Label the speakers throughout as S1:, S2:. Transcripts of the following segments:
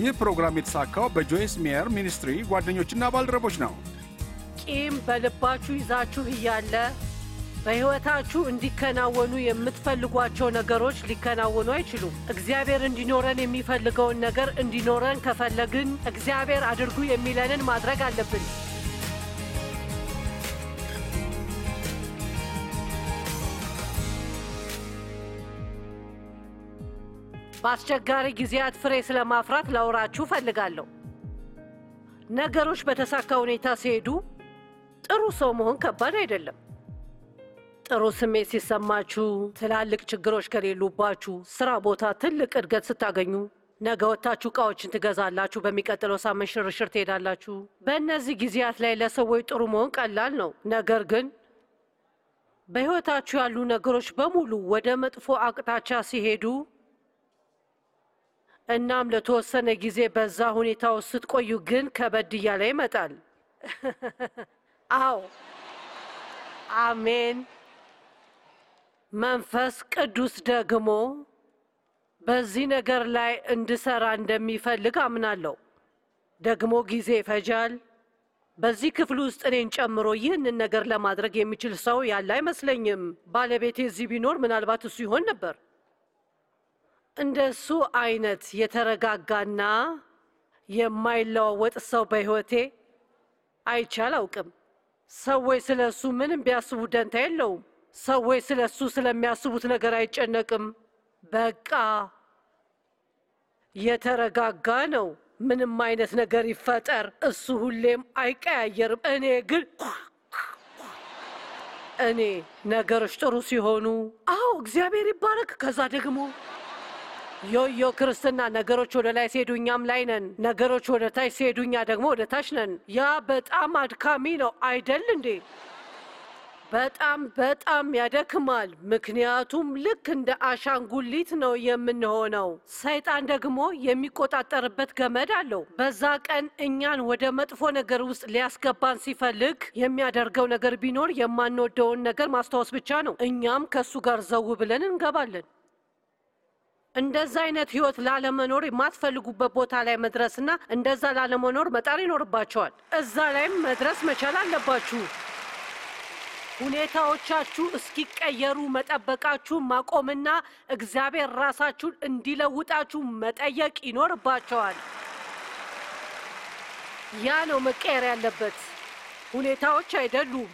S1: ይህ ፕሮግራም የተሳካው በጆይስ ሜየር ሚኒስትሪ ጓደኞችና ባልደረቦች ነው። ቂም በልባችሁ ይዛችሁ እያለ በሕይወታችሁ እንዲከናወኑ የምትፈልጓቸው ነገሮች ሊከናወኑ አይችሉም። እግዚአብሔር እንዲኖረን የሚፈልገውን ነገር እንዲኖረን ከፈለግን እግዚአብሔር አድርጉ የሚለንን ማድረግ አለብን። በአስቸጋሪ ጊዜያት ፍሬ ስለማፍራት ላውራችሁ ፈልጋለሁ። ነገሮች በተሳካ ሁኔታ ሲሄዱ ጥሩ ሰው መሆን ከባድ አይደለም። ጥሩ ስሜት ሲሰማችሁ፣ ትላልቅ ችግሮች ከሌሉባችሁ፣ ስራ ቦታ ትልቅ እድገት ስታገኙ፣ ነገ ወጥታችሁ እቃዎችን ትገዛላችሁ፣ በሚቀጥለው ሳምንት ሽርሽር ትሄዳላችሁ። በእነዚህ ጊዜያት ላይ ለሰዎች ጥሩ መሆን ቀላል ነው። ነገር ግን በሕይወታችሁ ያሉ ነገሮች በሙሉ ወደ መጥፎ አቅጣጫ ሲሄዱ እናም ለተወሰነ ጊዜ በዛ ሁኔታ ውስጥ ስትቆዩ ግን ከበድ እያለ ይመጣል። አዎ፣ አሜን። መንፈስ ቅዱስ ደግሞ በዚህ ነገር ላይ እንድሰራ እንደሚፈልግ አምናለሁ። ደግሞ ጊዜ ይፈጃል። በዚህ ክፍል ውስጥ እኔን ጨምሮ ይህንን ነገር ለማድረግ የሚችል ሰው ያለ አይመስለኝም። ባለቤቴ እዚህ ቢኖር ምናልባት እሱ ይሆን ነበር። እንደሱ አይነት የተረጋጋና የማይለዋወጥ ሰው በሕይወቴ አይቻል አውቅም። ሰዎች ስለ እሱ ምንም ቢያስቡ ደንታ የለውም። ሰዎች ስለ እሱ ስለሚያስቡት ነገር አይጨነቅም። በቃ የተረጋጋ ነው። ምንም አይነት ነገር ይፈጠር እሱ ሁሌም አይቀያየርም። እኔ ግን እኔ ነገሮች ጥሩ ሲሆኑ፣ አዎ እግዚአብሔር ይባረክ። ከዛ ደግሞ ዮዮ ክርስትና ነገሮች ወደ ላይ ሲሄዱ እኛም ላይ ነን፣ ነገሮች ወደ ታች ሲሄዱ እኛ ደግሞ ወደ ታች ነን። ያ በጣም አድካሚ ነው አይደል እንዴ? በጣም በጣም ያደክማል። ምክንያቱም ልክ እንደ አሻንጉሊት ነው የምንሆነው። ሰይጣን ደግሞ የሚቆጣጠርበት ገመድ አለው። በዛ ቀን እኛን ወደ መጥፎ ነገር ውስጥ ሊያስገባን ሲፈልግ የሚያደርገው ነገር ቢኖር የማንወደውን ነገር ማስታወስ ብቻ ነው። እኛም ከእሱ ጋር ዘው ብለን እንገባለን። እንደዛ አይነት ህይወት ላለመኖር የማትፈልጉበት ቦታ ላይ መድረስና እንደዛ ላለመኖር መጣር ይኖርባቸዋል። እዛ ላይም መድረስ መቻል አለባችሁ። ሁኔታዎቻችሁ እስኪቀየሩ መጠበቃችሁን ማቆምና እግዚአብሔር ራሳችሁን እንዲለውጣችሁ መጠየቅ ይኖርባቸዋል። ያ ነው መቀየር ያለበት፣ ሁኔታዎች አይደሉም።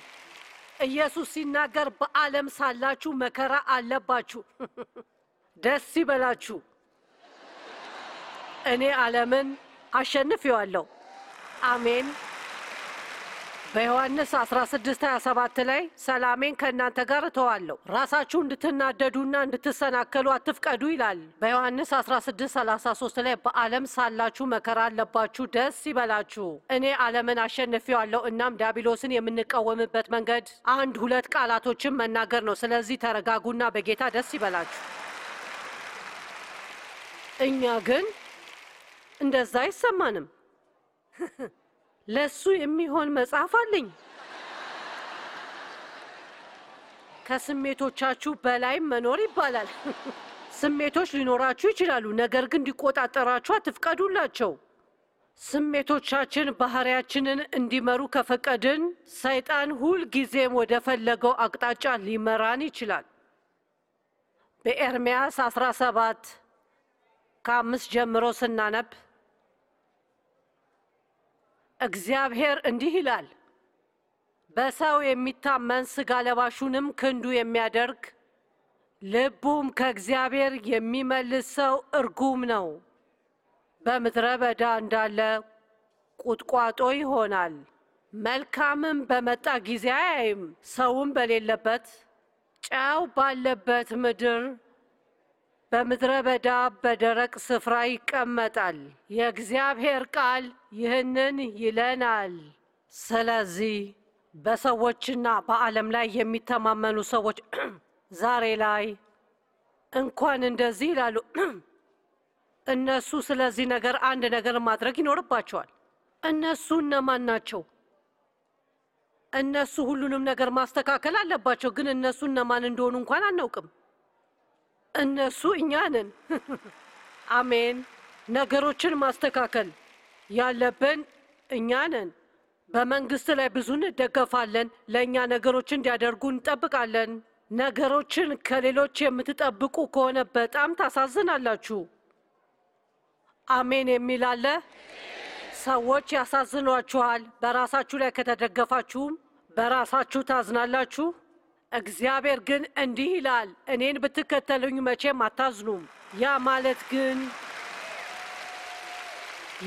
S1: ኢየሱስ ሲናገር በዓለም ሳላችሁ መከራ አለባችሁ። ደስ ይበላችሁ። እኔ ዓለምን አሸንፌዋለሁ። አሜን። በዮሐንስ 16:27 ላይ ሰላሜን ከእናንተ ጋር እተዋለሁ፣ ራሳችሁ እንድትናደዱና እንድትሰናከሉ አትፍቀዱ ይላል። በዮሐንስ 16:33 ላይ በዓለም ሳላችሁ መከራ አለባችሁ፣ ደስ ይበላችሁ፣ እኔ ዓለምን አሸንፌዋለሁ። እናም ዲያብሎስን የምንቃወምበት መንገድ አንድ ሁለት ቃላቶችን መናገር ነው። ስለዚህ ተረጋጉና በጌታ ደስ ይበላችሁ። እኛ ግን እንደዛ አይሰማንም። ለሱ የሚሆን መጽሐፍ አለኝ። ከስሜቶቻችሁ በላይ መኖር ይባላል። ስሜቶች ሊኖራችሁ ይችላሉ፣ ነገር ግን እንዲቆጣጠራችሁ አትፍቀዱላቸው። ስሜቶቻችን ባህሪያችንን እንዲመሩ ከፈቀድን ሰይጣን ሁል ጊዜም ወደ ፈለገው አቅጣጫ ሊመራን ይችላል። በኤርምያስ 17 ከአምስት ጀምሮ ስናነብ እግዚአብሔር እንዲህ ይላል፣ በሰው የሚታመን ስጋ ለባሹንም ክንዱ የሚያደርግ ልቡም ከእግዚአብሔር የሚመልስ ሰው እርጉም ነው። በምድረ በዳ እንዳለ ቁጥቋጦ ይሆናል። መልካምም በመጣ ጊዜ አያይም። ሰውም በሌለበት ጨው ባለበት ምድር በምድረ በዳ በደረቅ ስፍራ ይቀመጣል። የእግዚአብሔር ቃል ይህንን ይለናል። ስለዚህ በሰዎችና በዓለም ላይ የሚተማመኑ ሰዎች ዛሬ ላይ እንኳን እንደዚህ ይላሉ። እነሱ ስለዚህ ነገር አንድ ነገር ማድረግ ይኖርባቸዋል። እነሱ እነማን ናቸው? እነሱ ሁሉንም ነገር ማስተካከል አለባቸው። ግን እነሱ እነማን እንደሆኑ እንኳን አናውቅም። እነሱ እኛ ነን። አሜን። ነገሮችን ማስተካከል ያለብን እኛ ነን። በመንግስት ላይ ብዙ እንደገፋለን። ለእኛ ነገሮች እንዲያደርጉ እንጠብቃለን። ነገሮችን ከሌሎች የምትጠብቁ ከሆነ በጣም ታሳዝናላችሁ። አሜን የሚል አለ። ሰዎች ያሳዝኗችኋል። በራሳችሁ ላይ ከተደገፋችሁም በራሳችሁ ታዝናላችሁ። እግዚአብሔር ግን እንዲህ ይላል፣ እኔን ብትከተሉኝ መቼም አታዝኑም። ያ ማለት ግን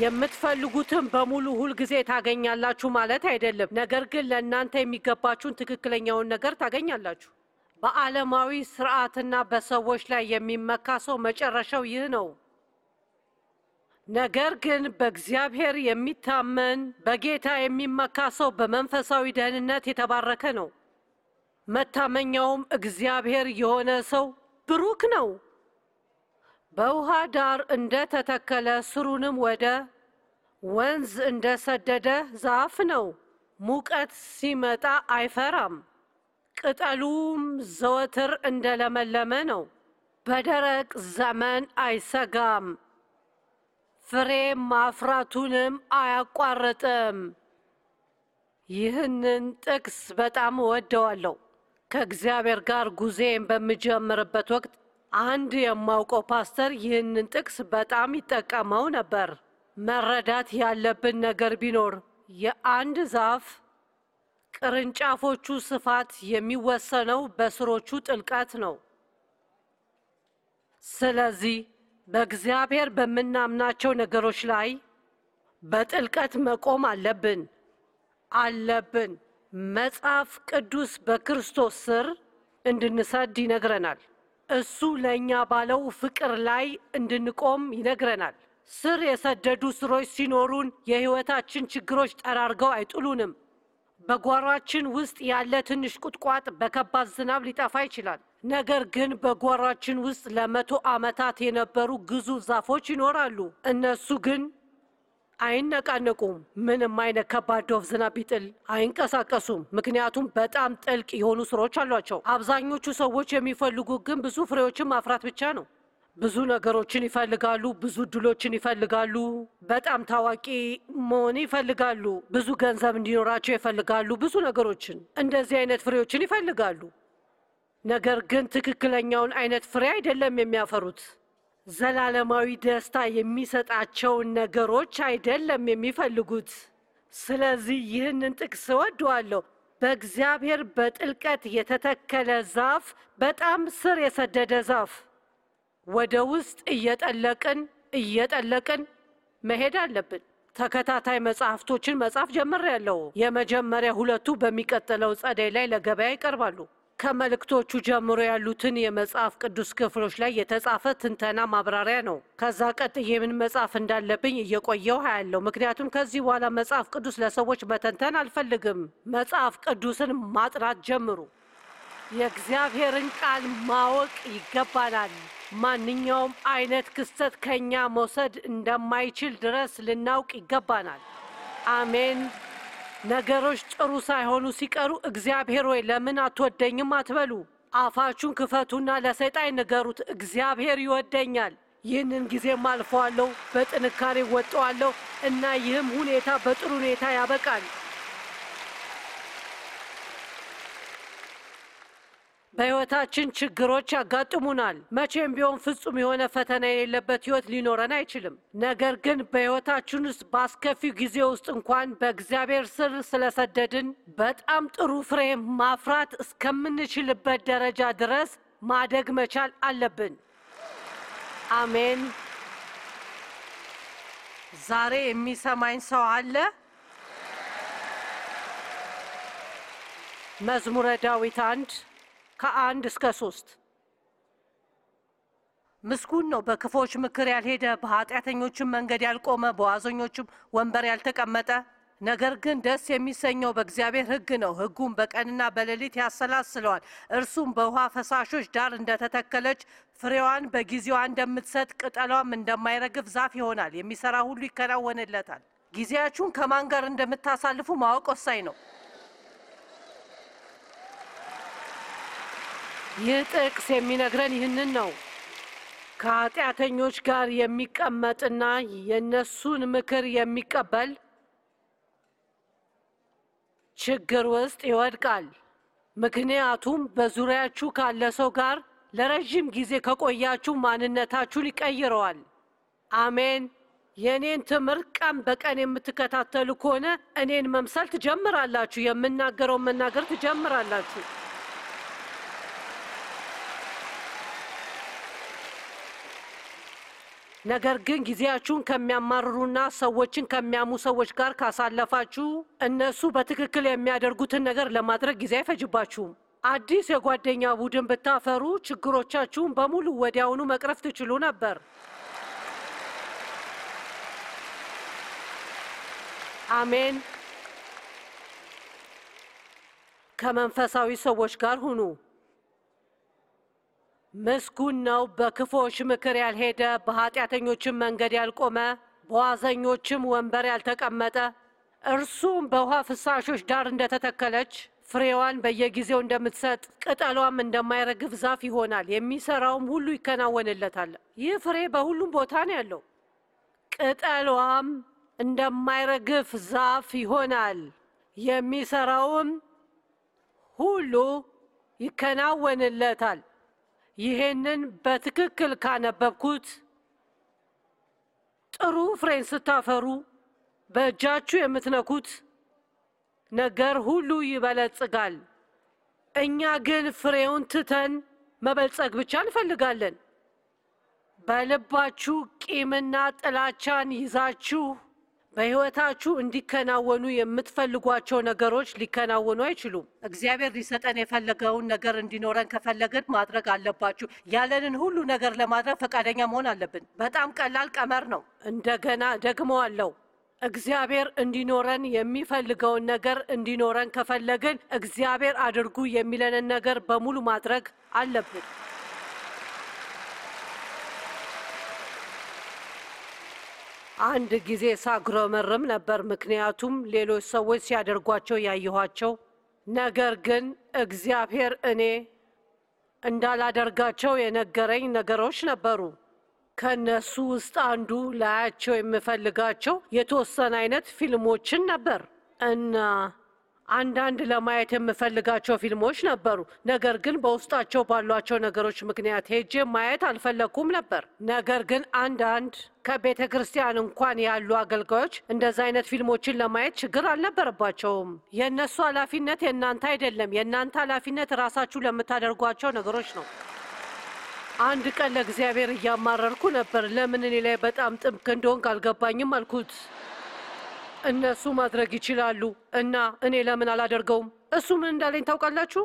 S1: የምትፈልጉትን በሙሉ ሁልጊዜ ታገኛላችሁ ማለት አይደለም። ነገር ግን ለእናንተ የሚገባችሁን ትክክለኛውን ነገር ታገኛላችሁ። በዓለማዊ ስርዓትና በሰዎች ላይ የሚመካ ሰው መጨረሻው ይህ ነው። ነገር ግን በእግዚአብሔር የሚታመን በጌታ የሚመካ ሰው በመንፈሳዊ ደህንነት የተባረከ ነው። መታመኛውም እግዚአብሔር የሆነ ሰው ብሩክ ነው። በውሃ ዳር እንደ ተተከለ ስሩንም ወደ ወንዝ እንደ ሰደደ ዛፍ ነው። ሙቀት ሲመጣ አይፈራም፣ ቅጠሉም ዘወትር እንደ ለመለመ ነው። በደረቅ ዘመን አይሰጋም፣ ፍሬም ማፍራቱንም አያቋርጥም። ይህንን ጥቅስ በጣም እወደዋለሁ። ከእግዚአብሔር ጋር ጉዜን በምጀምርበት ወቅት አንድ የማውቀው ፓስተር ይህንን ጥቅስ በጣም ይጠቀመው ነበር። መረዳት ያለብን ነገር ቢኖር የአንድ ዛፍ ቅርንጫፎቹ ስፋት የሚወሰነው በስሮቹ ጥልቀት ነው። ስለዚህ በእግዚአብሔር በምናምናቸው ነገሮች ላይ በጥልቀት መቆም አለብን አለብን። መጽሐፍ ቅዱስ በክርስቶስ ስር እንድንሰድ ይነግረናል። እሱ ለእኛ ባለው ፍቅር ላይ እንድንቆም ይነግረናል። ስር የሰደዱ ስሮች ሲኖሩን የሕይወታችን ችግሮች ጠራርገው አይጥሉንም። በጓሯችን ውስጥ ያለ ትንሽ ቁጥቋጥ በከባድ ዝናብ ሊጠፋ ይችላል። ነገር ግን በጓሯችን ውስጥ ለመቶ ዓመታት የነበሩ ግዙፍ ዛፎች ይኖራሉ። እነሱ ግን አይነቃነቁም። ምንም አይነት ከባድ ዶፍ ዝናብ ቢጥል አይንቀሳቀሱም። ምክንያቱም በጣም ጥልቅ የሆኑ ስሮች አሏቸው። አብዛኞቹ ሰዎች የሚፈልጉ ግን ብዙ ፍሬዎችን ማፍራት ብቻ ነው። ብዙ ነገሮችን ይፈልጋሉ። ብዙ እድሎችን ይፈልጋሉ። በጣም ታዋቂ መሆን ይፈልጋሉ። ብዙ ገንዘብ እንዲኖራቸው ይፈልጋሉ። ብዙ ነገሮችን እንደዚህ አይነት ፍሬዎችን ይፈልጋሉ። ነገር ግን ትክክለኛውን አይነት ፍሬ አይደለም የሚያፈሩት። ዘላለማዊ ደስታ የሚሰጣቸውን ነገሮች አይደለም የሚፈልጉት። ስለዚህ ይህንን ጥቅስ እወደዋለሁ። በእግዚአብሔር በጥልቀት የተተከለ ዛፍ፣ በጣም ስር የሰደደ ዛፍ። ወደ ውስጥ እየጠለቅን እየጠለቅን መሄድ አለብን። ተከታታይ መጽሐፍቶችን መጻፍ ጀምሬያለሁ። የመጀመሪያ ሁለቱ በሚቀጥለው ጸደይ ላይ ለገበያ ይቀርባሉ። ከመልእክቶቹ ጀምሮ ያሉትን የመጽሐፍ ቅዱስ ክፍሎች ላይ የተጻፈ ትንተና ማብራሪያ ነው። ከዛ ቀጥዬ ምን መጽሐፍ እንዳለብኝ እየቆየው ያለው ምክንያቱም ከዚህ በኋላ መጽሐፍ ቅዱስ ለሰዎች መተንተን አልፈልግም። መጽሐፍ ቅዱስን ማጥናት ጀምሩ። የእግዚአብሔርን ቃል ማወቅ ይገባናል። ማንኛውም አይነት ክስተት ከኛ መውሰድ እንደማይችል ድረስ ልናውቅ ይገባናል። አሜን። ነገሮች ጥሩ ሳይሆኑ ሲቀሩ እግዚአብሔር ወይ ለምን አትወደኝም አትበሉ። አፋችሁን ክፈቱና ለሰይጣን ንገሩት፣ እግዚአብሔር ይወደኛል፣ ይህንን ጊዜም አልፈዋለሁ፣ በጥንካሬ ወጠዋለሁ እና ይህም ሁኔታ በጥሩ ሁኔታ ያበቃል። በህይወታችን ችግሮች ያጋጥሙናል። መቼም ቢሆን ፍጹም የሆነ ፈተና የሌለበት ህይወት ሊኖረን አይችልም። ነገር ግን በህይወታችን ውስጥ በአስከፊው ጊዜ ውስጥ እንኳን በእግዚአብሔር ስር ስለሰደድን በጣም ጥሩ ፍሬ ማፍራት እስከምንችልበት ደረጃ ድረስ ማደግ መቻል አለብን። አሜን። ዛሬ የሚሰማኝ ሰው አለ? መዝሙረ ዳዊት አንድ ከአንድ እስከ ሶስት ምስጉን ነው በክፎች ምክር ያልሄደ በኃጢአተኞችም መንገድ ያልቆመ በዋዘኞችም ወንበር ያልተቀመጠ ነገር ግን ደስ የሚሰኘው በእግዚአብሔር ህግ ነው። ህጉም በቀንና በሌሊት ያሰላስለዋል። እርሱም በውሃ ፈሳሾች ዳር እንደተተከለች ፍሬዋን በጊዜዋ እንደምትሰጥ ቅጠሏም እንደማይረግፍ ዛፍ ይሆናል። የሚሰራ ሁሉ ይከናወንለታል። ጊዜያችሁን ከማን ጋር እንደምታሳልፉ ማወቅ ወሳኝ ነው። ይህ ጥቅስ የሚነግረን ይህንን ነው። ከኃጢአተኞች ጋር የሚቀመጥና የእነሱን ምክር የሚቀበል ችግር ውስጥ ይወድቃል። ምክንያቱም በዙሪያችሁ ካለ ሰው ጋር ለረዥም ጊዜ ከቆያችሁ ማንነታችሁን ይቀይረዋል። አሜን። የእኔን ትምህርት ቀን በቀን የምትከታተሉ ከሆነ እኔን መምሰል ትጀምራላችሁ። የምናገረው መናገር ትጀምራላችሁ። ነገር ግን ጊዜያችሁን ከሚያማርሩና ሰዎችን ከሚያሙ ሰዎች ጋር ካሳለፋችሁ እነሱ በትክክል የሚያደርጉትን ነገር ለማድረግ ጊዜ አይፈጅባችሁም። አዲስ የጓደኛ ቡድን ብታፈሩ ችግሮቻችሁን በሙሉ ወዲያውኑ መቅረፍ ትችሉ ነበር። አሜን። ከመንፈሳዊ ሰዎች ጋር ሁኑ። ምስጉን ነው በክፎች ምክር ያልሄደ፣ በኃጢአተኞችም መንገድ ያልቆመ፣ በዋዘኞችም ወንበር ያልተቀመጠ። እርሱም በውሃ ፍሳሾች ዳር እንደተተከለች ፍሬዋን በየጊዜው እንደምትሰጥ ቅጠሏም እንደማይረግፍ ዛፍ ይሆናል፣ የሚሰራውም ሁሉ ይከናወንለታል። ይህ ፍሬ በሁሉም ቦታ ነው ያለው። ቅጠሏም እንደማይረግፍ ዛፍ ይሆናል፣ የሚሰራውም ሁሉ ይከናወንለታል። ይሄንን በትክክል ካነበብኩት ጥሩ ፍሬን ስታፈሩ በእጃችሁ የምትነኩት ነገር ሁሉ ይበለጽጋል። እኛ ግን ፍሬውን ትተን መበልጸግ ብቻ እንፈልጋለን። በልባችሁ ቂምና ጥላቻን ይዛችሁ በህይወታችሁ እንዲከናወኑ የምትፈልጓቸው ነገሮች ሊከናወኑ አይችሉም። እግዚአብሔር ሊሰጠን የፈለገውን ነገር እንዲኖረን ከፈለግን ማድረግ አለባችሁ። ያለንን ሁሉ ነገር ለማድረግ ፈቃደኛ መሆን አለብን። በጣም ቀላል ቀመር ነው። እንደገና ደግሞ አለው እግዚአብሔር እንዲኖረን የሚፈልገውን ነገር እንዲኖረን ከፈለግን እግዚአብሔር አድርጉ የሚለንን ነገር በሙሉ ማድረግ አለብን። አንድ ጊዜ ሳጉረመርም ነበር፣ ምክንያቱም ሌሎች ሰዎች ሲያደርጓቸው ያየኋቸው። ነገር ግን እግዚአብሔር እኔ እንዳላደርጋቸው የነገረኝ ነገሮች ነበሩ። ከነሱ ውስጥ አንዱ ላያቸው የምፈልጋቸው የተወሰነ አይነት ፊልሞችን ነበር እና አንዳንድ ለማየት የምፈልጋቸው ፊልሞች ነበሩ። ነገር ግን በውስጣቸው ባሏቸው ነገሮች ምክንያት ሄጄ ማየት አልፈለግኩም ነበር። ነገር ግን አንዳንድ ከቤተ ክርስቲያን እንኳን ያሉ አገልጋዮች እንደዛ አይነት ፊልሞችን ለማየት ችግር አልነበረባቸውም። የእነሱ ኃላፊነት የእናንተ አይደለም። የእናንተ ኃላፊነት ራሳችሁ ለምታደርጓቸው ነገሮች ነው። አንድ ቀን ለእግዚአብሔር እያማረርኩ ነበር። ለምን እኔ ላይ በጣም ጥብቅ እንደሆንክ አልገባኝም አልኩት። እነሱ ማድረግ ይችላሉ እና እኔ ለምን አላደርገውም? እሱ ምን እንዳለኝ ታውቃላችሁ?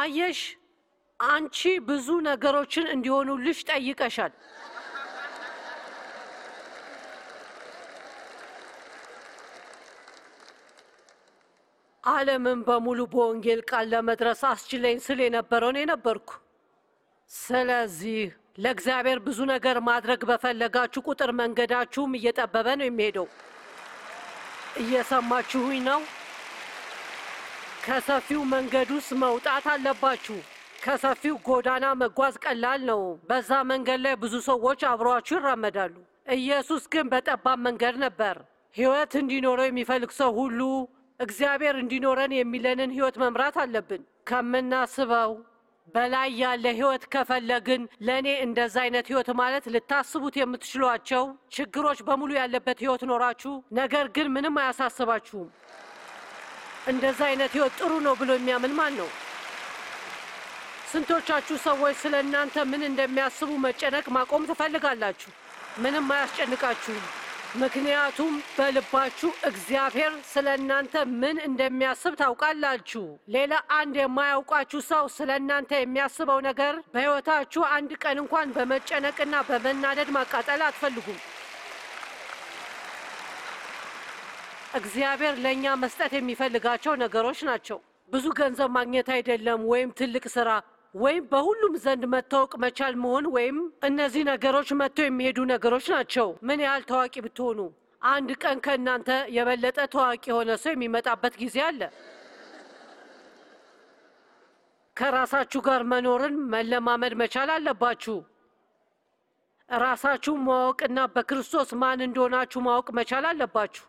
S1: አየሽ፣ አንቺ ብዙ ነገሮችን እንዲሆኑልሽ ጠይቀሻል። ዓለምን በሙሉ በወንጌል ቃል ለመድረስ አስችለኝ ስል የነበረው እኔ ነበርኩ። ስለዚህ ለእግዚአብሔር ብዙ ነገር ማድረግ በፈለጋችሁ ቁጥር መንገዳችሁም እየጠበበ ነው የሚሄደው። እየሰማችሁኝ ነው? ከሰፊው መንገድ ውስጥ መውጣት አለባችሁ። ከሰፊው ጎዳና መጓዝ ቀላል ነው። በዛ መንገድ ላይ ብዙ ሰዎች አብረዋችሁ ይራመዳሉ። ኢየሱስ ግን በጠባብ መንገድ ነበር። ሕይወት እንዲኖረው የሚፈልግ ሰው ሁሉ እግዚአብሔር እንዲኖረን የሚለንን ሕይወት መምራት አለብን ከምናስበው በላይ ያለ ህይወት ከፈለግን ለእኔ እንደዛ አይነት ህይወት ማለት ልታስቡት የምትችሏቸው ችግሮች በሙሉ ያለበት ህይወት ኖራችሁ፣ ነገር ግን ምንም አያሳስባችሁም። እንደዛ አይነት ህይወት ጥሩ ነው ብሎ የሚያምን ማን ነው? ስንቶቻችሁ ሰዎች ስለ እናንተ ምን እንደሚያስቡ መጨነቅ ማቆም ትፈልጋላችሁ? ምንም አያስጨንቃችሁም። ምክንያቱም በልባችሁ እግዚአብሔር ስለ እናንተ ምን እንደሚያስብ ታውቃላችሁ። ሌላ አንድ የማያውቃችሁ ሰው ስለ እናንተ የሚያስበው ነገር በሕይወታችሁ አንድ ቀን እንኳን በመጨነቅና በመናደድ ማቃጠል አትፈልጉም። እግዚአብሔር ለእኛ መስጠት የሚፈልጋቸው ነገሮች ናቸው። ብዙ ገንዘብ ማግኘት አይደለም፣ ወይም ትልቅ ስራ ወይም በሁሉም ዘንድ መታወቅ መቻል መሆን ወይም እነዚህ ነገሮች መጥተው የሚሄዱ ነገሮች ናቸው። ምን ያህል ታዋቂ ብትሆኑ አንድ ቀን ከእናንተ የበለጠ ታዋቂ የሆነ ሰው የሚመጣበት ጊዜ አለ። ከራሳችሁ ጋር መኖርን መለማመድ መቻል አለባችሁ። ራሳችሁ ማወቅና በክርስቶስ ማን እንደሆናችሁ ማወቅ መቻል አለባችሁ።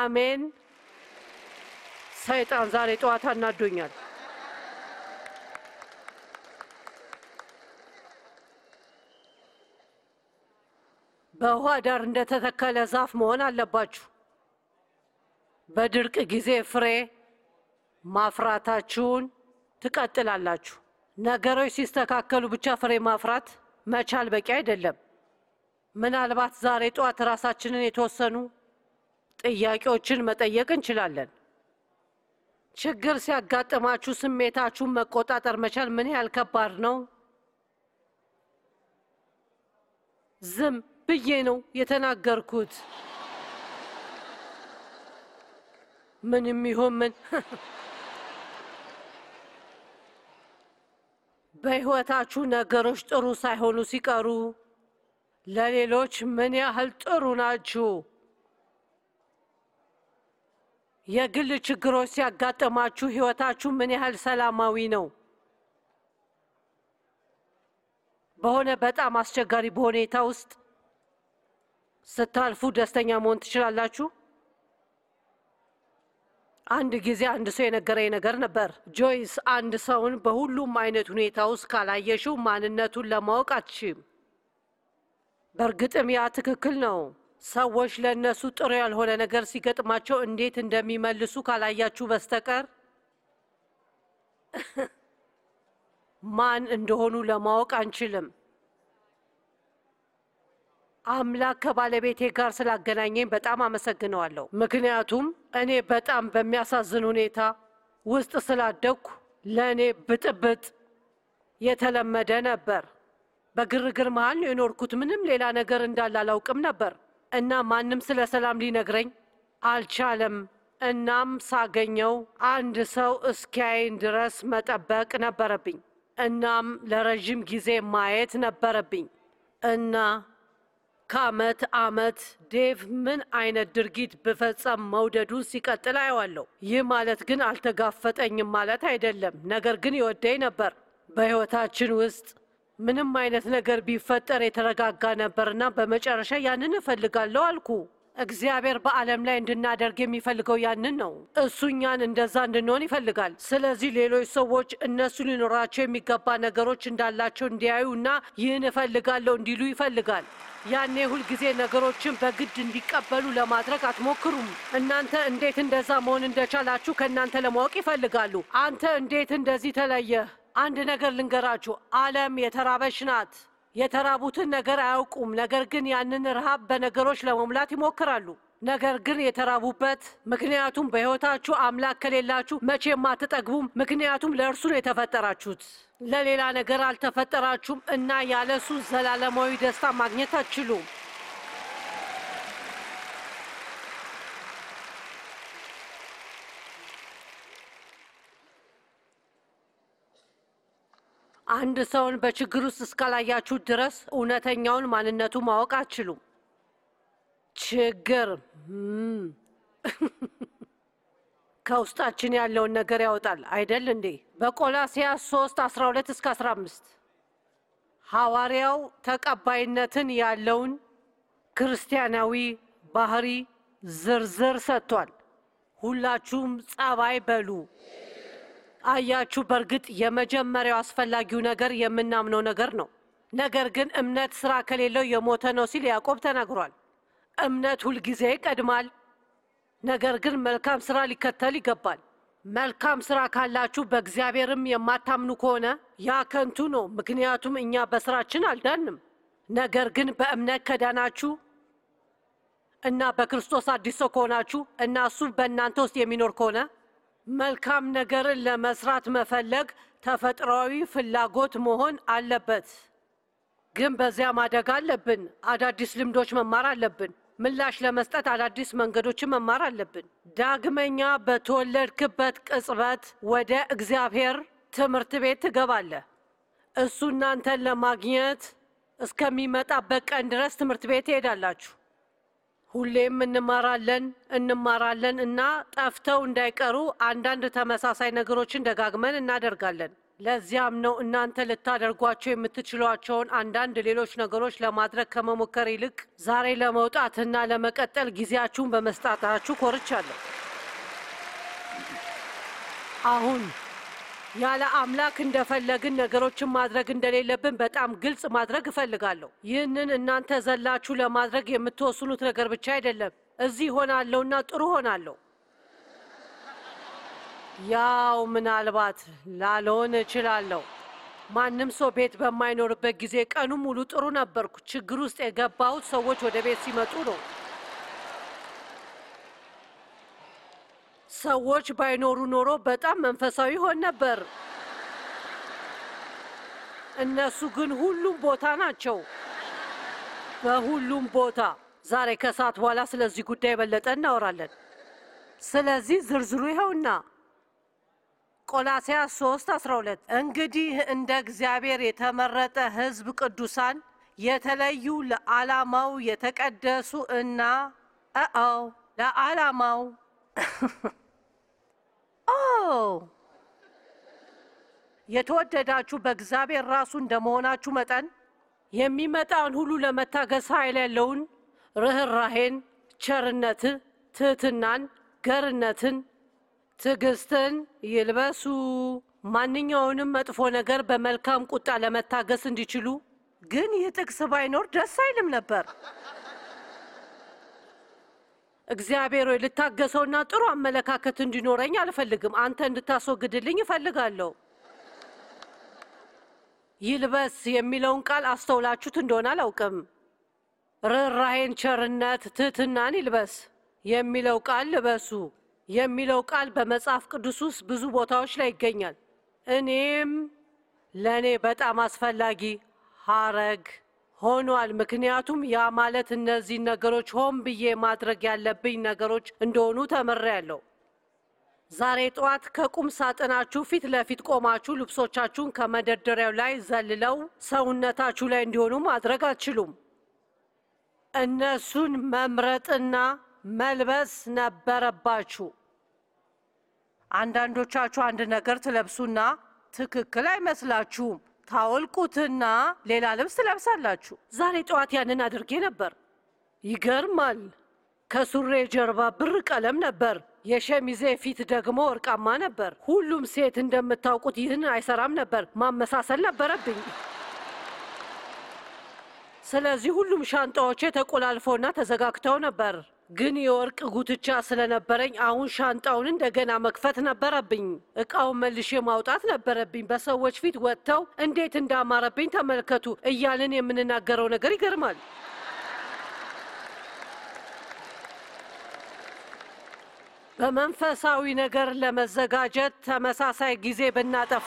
S1: አሜን። ሰይጣን ዛሬ ጠዋት አናዶኛል። በውሃ ዳር እንደተተከለ ዛፍ መሆን አለባችሁ። በድርቅ ጊዜ ፍሬ ማፍራታችሁን ትቀጥላላችሁ። ነገሮች ሲስተካከሉ ብቻ ፍሬ ማፍራት መቻል በቂ አይደለም። ምናልባት ዛሬ ጠዋት ራሳችንን የተወሰኑ ጥያቄዎችን መጠየቅ እንችላለን። ችግር ሲያጋጥማችሁ ስሜታችሁን መቆጣጠር መቻል ምን ያህል ከባድ ነው? ዝም ብዬ ነው የተናገርኩት። ምንም ይሁን ምን በሕይወታችሁ ነገሮች ጥሩ ሳይሆኑ ሲቀሩ ለሌሎች ምን ያህል ጥሩ ናችሁ? የግል ችግሮች ሲያጋጥማችሁ ሕይወታችሁ ምን ያህል ሰላማዊ ነው? በሆነ በጣም አስቸጋሪ በሁኔታ ውስጥ ስታልፉ ደስተኛ መሆን ትችላላችሁ። አንድ ጊዜ አንድ ሰው የነገረኝ ነገር ነበር። ጆይስ፣ አንድ ሰውን በሁሉም አይነት ሁኔታ ውስጥ ካላየሽው ማንነቱን ለማወቅ አትችም። በእርግጥም ያ ትክክል ነው። ሰዎች ለእነሱ ጥሩ ያልሆነ ነገር ሲገጥማቸው እንዴት እንደሚመልሱ ካላያችሁ በስተቀር ማን እንደሆኑ ለማወቅ አንችልም። አምላክ ከባለቤቴ ጋር ስላገናኘኝ በጣም አመሰግነዋለሁ። ምክንያቱም እኔ በጣም በሚያሳዝን ሁኔታ ውስጥ ስላደግኩ ለእኔ ብጥብጥ የተለመደ ነበር። በግርግር መሃል ነው የኖርኩት። ምንም ሌላ ነገር እንዳለ አላውቅም ነበር እና ማንም ስለ ሰላም ሊነግረኝ አልቻለም። እናም ሳገኘው አንድ ሰው እስኪያይን ድረስ መጠበቅ ነበረብኝ። እናም ለረዥም ጊዜ ማየት ነበረብኝ እና ከአመት አመት ዴቭ ምን አይነት ድርጊት ብፈጸም መውደዱን ሲቀጥል አየዋለሁ። ይህ ማለት ግን አልተጋፈጠኝም ማለት አይደለም፣ ነገር ግን ይወደኝ ነበር። በህይወታችን ውስጥ ምንም አይነት ነገር ቢፈጠር የተረጋጋ ነበርና በመጨረሻ ያንን እፈልጋለሁ አልኩ። እግዚአብሔር በዓለም ላይ እንድናደርግ የሚፈልገው ያንን ነው። እሱ እኛን እንደዛ እንድንሆን ይፈልጋል። ስለዚህ ሌሎች ሰዎች እነሱ ሊኖራቸው የሚገባ ነገሮች እንዳላቸው እንዲያዩ ይህን እፈልጋለሁ እንዲሉ ይፈልጋል። ያኔ ሁልጊዜ ነገሮችን በግድ እንዲቀበሉ ለማድረግ አትሞክሩም። እናንተ እንዴት እንደዛ መሆን እንደቻላችሁ ከእናንተ ለማወቅ ይፈልጋሉ። አንተ እንዴት እንደዚህ ተለየህ? አንድ ነገር ልንገራችሁ፣ ዓለም የተራበች ናት። የተራቡትን ነገር አያውቁም። ነገር ግን ያንን ረሃብ በነገሮች ለመሙላት ይሞክራሉ። ነገር ግን የተራቡበት ምክንያቱም በሕይወታችሁ አምላክ ከሌላችሁ መቼም አትጠግቡም። ምክንያቱም ለእርሱ ነው የተፈጠራችሁት፣ ለሌላ ነገር አልተፈጠራችሁም እና ያለሱ ዘላለማዊ ደስታ ማግኘት አትችሉም። አንድ ሰውን በችግር ውስጥ እስካላያችሁ ድረስ እውነተኛውን ማንነቱ ማወቅ አትችሉም። ችግር ከውስጣችን ያለውን ነገር ያወጣል አይደል እንዴ? በቆላስያስ 3 12 እስከ 15 ሐዋርያው ተቀባይነትን ያለውን ክርስቲያናዊ ባህሪ ዝርዝር ሰጥቷል። ሁላችሁም ጸባይ በሉ። አያችሁ፣ በእርግጥ የመጀመሪያው አስፈላጊው ነገር የምናምነው ነገር ነው። ነገር ግን እምነት ስራ ከሌለው የሞተ ነው ሲል ያዕቆብ ተናግሯል። እምነት ሁልጊዜ ይቀድማል፣ ነገር ግን መልካም ስራ ሊከተል ይገባል። መልካም ስራ ካላችሁ በእግዚአብሔርም የማታምኑ ከሆነ ያ ከንቱ ነው፣ ምክንያቱም እኛ በስራችን አልዳንም። ነገር ግን በእምነት ከዳናችሁ እና በክርስቶስ አዲስ ሰው ከሆናችሁ እና እሱ በእናንተ ውስጥ የሚኖር ከሆነ መልካም ነገርን ለመስራት መፈለግ ተፈጥሯዊ ፍላጎት መሆን አለበት። ግን በዚያ ማደግ አለብን። አዳዲስ ልምዶች መማር አለብን። ምላሽ ለመስጠት አዳዲስ መንገዶችን መማር አለብን። ዳግመኛ በተወለድክበት ቅጽበት ወደ እግዚአብሔር ትምህርት ቤት ትገባለህ። እሱ እናንተን ለማግኘት እስከሚመጣበት ቀን ድረስ ትምህርት ቤት ትሄዳላችሁ። ሁሌም እንማራለን እንማራለን እና ጠፍተው እንዳይቀሩ አንዳንድ ተመሳሳይ ነገሮችን ደጋግመን እናደርጋለን። ለዚያም ነው እናንተ ልታደርጓቸው የምትችሏቸውን አንዳንድ ሌሎች ነገሮች ለማድረግ ከመሞከር ይልቅ ዛሬ ለመውጣትና ለመቀጠል ጊዜያችሁን በመስጣታችሁ ኮርቻለሁ። አሁን ያለ አምላክ እንደፈለግን ነገሮችን ማድረግ እንደሌለብን በጣም ግልጽ ማድረግ እፈልጋለሁ። ይህንን እናንተ ዘላችሁ ለማድረግ የምትወስኑት ነገር ብቻ አይደለም። እዚህ ሆናለሁና ጥሩ ሆናለሁ። ያው ምናልባት ላልሆን እችላለሁ። ማንም ሰው ቤት በማይኖርበት ጊዜ ቀኑ ሙሉ ጥሩ ነበርኩ። ችግር ውስጥ የገባሁት ሰዎች ወደ ቤት ሲመጡ ነው። ሰዎች ባይኖሩ ኖሮ በጣም መንፈሳዊ ይሆን ነበር። እነሱ ግን ሁሉም ቦታ ናቸው፣ በሁሉም ቦታ። ዛሬ ከሰዓት በኋላ ስለዚህ ጉዳይ የበለጠ እናወራለን። ስለዚህ ዝርዝሩ ይኸውና ቆላስያስ 3 12 እንግዲህ እንደ እግዚአብሔር የተመረጠ ሕዝብ ቅዱሳን የተለዩ ለዓላማው የተቀደሱ እና አዎ ለዓላማው Oh! የተወደዳችሁ በእግዚአብሔር ራሱ እንደመሆናችሁ መጠን የሚመጣውን ሁሉ ለመታገስ ኃይል ያለውን ርኅራሄን፣ ቸርነት፣ ትህትናን፣ ገርነትን፣ ትዕግስትን ይልበሱ። ማንኛውንም መጥፎ ነገር በመልካም ቁጣ ለመታገስ እንዲችሉ። ግን ይህ ጥቅስ ባይኖር ደስ አይልም ነበር። እግዚአብሔር ሆይ ልታገሰውና ጥሩ አመለካከት እንዲኖረኝ አልፈልግም። አንተ እንድታስወግድልኝ እፈልጋለሁ። ይልበስ የሚለውን ቃል አስተውላችሁት እንደሆነ አላውቅም። ርራሄን ቸርነት፣ ትህትናን ይልበስ የሚለው ቃል ልበሱ የሚለው ቃል በመጽሐፍ ቅዱስ ውስጥ ብዙ ቦታዎች ላይ ይገኛል። እኔም ለእኔ በጣም አስፈላጊ ሀረግ ሆኗል። ምክንያቱም ያ ማለት እነዚህን ነገሮች ሆን ብዬ ማድረግ ያለብኝ ነገሮች እንደሆኑ ተምሬያለሁ። ዛሬ ጠዋት ከቁም ሳጥናችሁ ፊት ለፊት ቆማችሁ ልብሶቻችሁን ከመደርደሪያው ላይ ዘልለው ሰውነታችሁ ላይ እንዲሆኑ ማድረግ አትችሉም። እነሱን መምረጥና መልበስ ነበረባችሁ። አንዳንዶቻችሁ አንድ ነገር ትለብሱና ትክክል አይመስላችሁም። ታወልቁትና ሌላ ልብስ ለብሳላችሁ። ዛሬ ጠዋት ያንን አድርጌ ነበር። ይገርማል። ከሱሬ ጀርባ ብር ቀለም ነበር፣ የሸሚዜ ፊት ደግሞ ወርቃማ ነበር። ሁሉም ሴት እንደምታውቁት ይህን አይሰራም ነበር፣ ማመሳሰል ነበረብኝ። ስለዚህ ሁሉም ሻንጣዎቼ ተቆላልፈውና ተዘጋግተው ነበር። ግን የወርቅ ጉትቻ ስለነበረኝ አሁን ሻንጣውን እንደገና መክፈት ነበረብኝ። እቃውን መልሼ ማውጣት ነበረብኝ። በሰዎች ፊት ወጥተው እንዴት እንዳማረብኝ ተመልከቱ እያልን የምንናገረው ነገር ይገርማል። በመንፈሳዊ ነገር ለመዘጋጀት ተመሳሳይ ጊዜ ብናጠፋ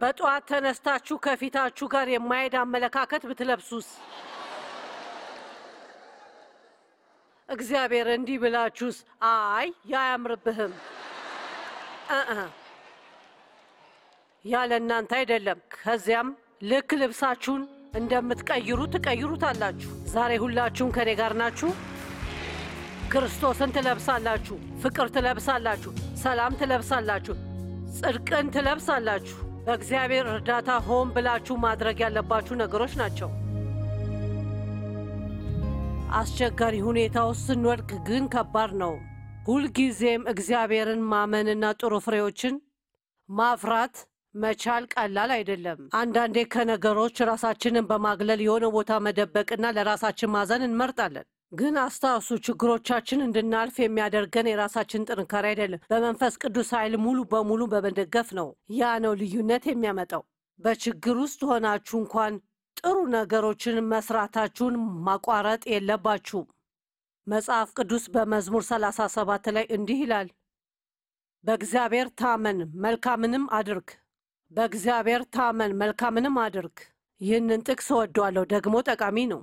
S1: በጠዋት ተነስታችሁ ከፊታችሁ ጋር የማይሄድ አመለካከት ብትለብሱስ? እግዚአብሔር እንዲህ ብላችሁስ? አይ ያያምርብህም ያለ እናንተ አይደለም። ከዚያም ልክ ልብሳችሁን እንደምትቀይሩ ትቀይሩታላችሁ። ዛሬ ሁላችሁም ከኔ ጋር ናችሁ። ክርስቶስን ትለብሳላችሁ፣ ፍቅር ትለብሳላችሁ፣ ሰላም ትለብሳላችሁ፣ ጽድቅን ትለብሳላችሁ። በእግዚአብሔር እርዳታ ሆን ብላችሁ ማድረግ ያለባችሁ ነገሮች ናቸው። አስቸጋሪ ሁኔታ ውስጥ ስንወድቅ ግን ከባድ ነው። ሁልጊዜም እግዚአብሔርን ማመንና ጥሩ ፍሬዎችን ማፍራት መቻል ቀላል አይደለም። አንዳንዴ ከነገሮች ራሳችንን በማግለል የሆነ ቦታ መደበቅና ለራሳችን ማዘን እንመርጣለን። ግን አስታውሱ፣ ችግሮቻችን እንድናልፍ የሚያደርገን የራሳችን ጥንካሬ አይደለም፣ በመንፈስ ቅዱስ ኃይል ሙሉ በሙሉ በመደገፍ ነው። ያ ነው ልዩነት የሚያመጣው። በችግር ውስጥ ሆናችሁ እንኳን ጥሩ ነገሮችን መስራታችሁን ማቋረጥ የለባችሁም። መጽሐፍ ቅዱስ በመዝሙር 37 ላይ እንዲህ ይላል፣ በእግዚአብሔር ታመን መልካምንም አድርግ፣ በእግዚአብሔር ታመን መልካምንም አድርግ። ይህንን ጥቅስ እወደዋለሁ፣ ደግሞ ጠቃሚ ነው።